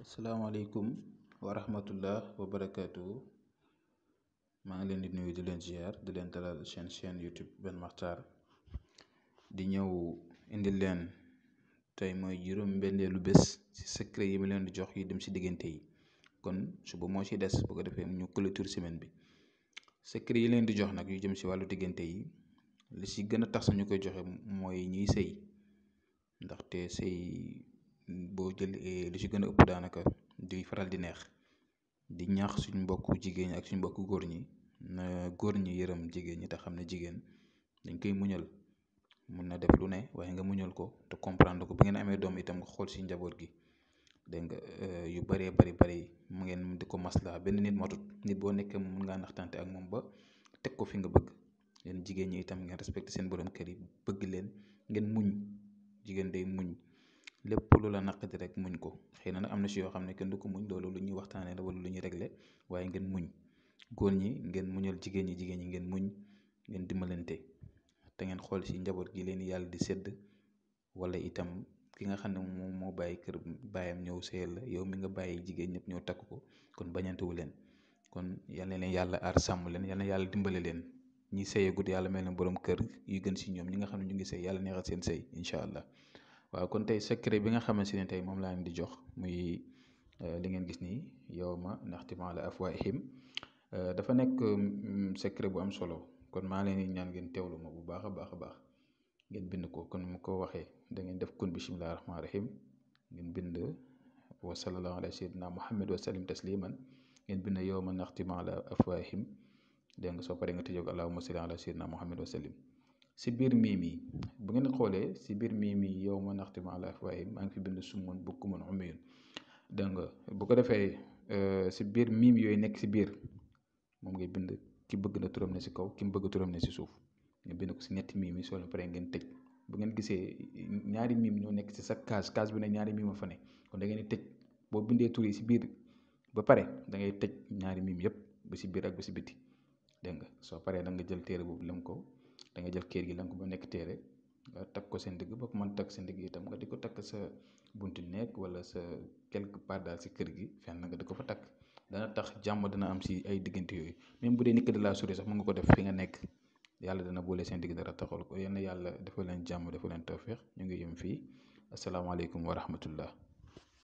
asalaamaaleykum wa rahmatullah wa maa ngi leen di nuyu di leen ziar di leen dalal seen chaîne YouTube benn Makhtar di ñëw indi leen tey mooy juróom lu bés ci secret yi mu leen di jox yi dem ci diggante yi kon suba moo ci des bu ko defee ñu clôture semaine bi secret yi leen di jox nag yu jëm ci wàllu diggante yi li ci gën a tax sax ñu koy joxe mooy ñiy sëy ndaxte sëy boo jëlee eh, lu ci gën a ëpp daanaka di faral di neex di ñax suñ mbokku jigéen ñi ak suñ mbokku góor ñi na góor ñi yërëm jigéen ñi te xam ne jigéen dañ koy muñal mun na def lu ne waaye nga muñal ko te comprendre ko bi ngeen amee doom itam nga xool si njaboot gi dégg nga eh, yu bëree bari bari mu ngeen di ko maslaa benn nit matut nit boo nekkee mun ngaa naxtante ak moom ba teg ko fi nga bëgg yéen jigéen ñi itam ngeen respecté seen borom kër yi bëgg leen ngeen muñ jigéen day muñ. lépp lu la naqadi rek muñ ko xëy na nag am na si yoo xam ne kenn du ko muñ loolu lu ñuy waxtaanee la wala lu ñuy regle waaye ngeen muñ góor ñi ngeen muñal jigéen ñi jigéen ñi ngeen muñ ngeen dimbalante te ngeen xool si njaboot gi leen yàlla di sédd wala itam ki nga xam ne moom moo bàyyi kër baayam ñëw sëyal la yow mi nga bàyyi jigéen ñëpp ñëw takk ko kon bañantewu leen kon yal na leen yàlla aar sàmm leen yal yàlla dimbale leen ñi sëyagut yàlla mel na borom kër yi gën si ñoom ñi nga xam ne ñu ngi sëy yàlla neexal seen sëy incha allah waaw kon tey secret bi nga xamante ne tey moom laa leen di jox muy euh, li ngeen gis nii yow ma la ala afwaahihim euh, dafa nekk mm, secret bu am solo kon maa leen di ñaan ngeen teewlu ma bu baax a baax a baax ngeen bind ko kon mu ko waxee da ngeen def kun la rahmaani rahim ngeen bind wa sallallahu ala sayyidina muhammad wa sallim tasliman ngeen bind yow ma naxtimu ala afwaahihim dégg nga soo paree nga tëjoo ak allahumma salli ala sayyidina muhammad wa sallim si biir miim yi bu ngeen xoolee si biir miim yi yow ma naxti ma alaaf waaye maa ngi fi bind summun bukkumun umyun dégg nga bu ko defee euh, si biir miim yooyu nekk si biir moom ngay bind ki bëgg na turam ne si kaw mu bëgg turam ne si suuf nga bind ko si ñetti miim yi soo paree ngeen tëj bu ngeen gisee ñaari miim ñoo nekk si sa kaas kaas bi ne ñaari miim a fa ne kon da ngeen di tëj boo bindee tur si biir ba pare da ngay tëj ñaari miim yëpp ba si biir ak ba si biti dégg nga soo paree da nga jël téere boobu lam ko. da nga jël kayit gi lank ba nekk téere nga takk ko sa ndigg boo ko mën takk sa ndigg itam nga di ko takk sa buntu néeg wala sa quelque part daal si kër gi fenn nga di ko fa takk dana tax jàmm dana am si ay diggante yooyu même bu dee nit ki da laa sax mën nga ko def fi nga nekk yàlla dana boole seen digg dara taxal ko yéen yàlla dafa leen jàmm dafa leen tawféex ñu ngi yëm fii asalaamaaleykum wa rahmatullah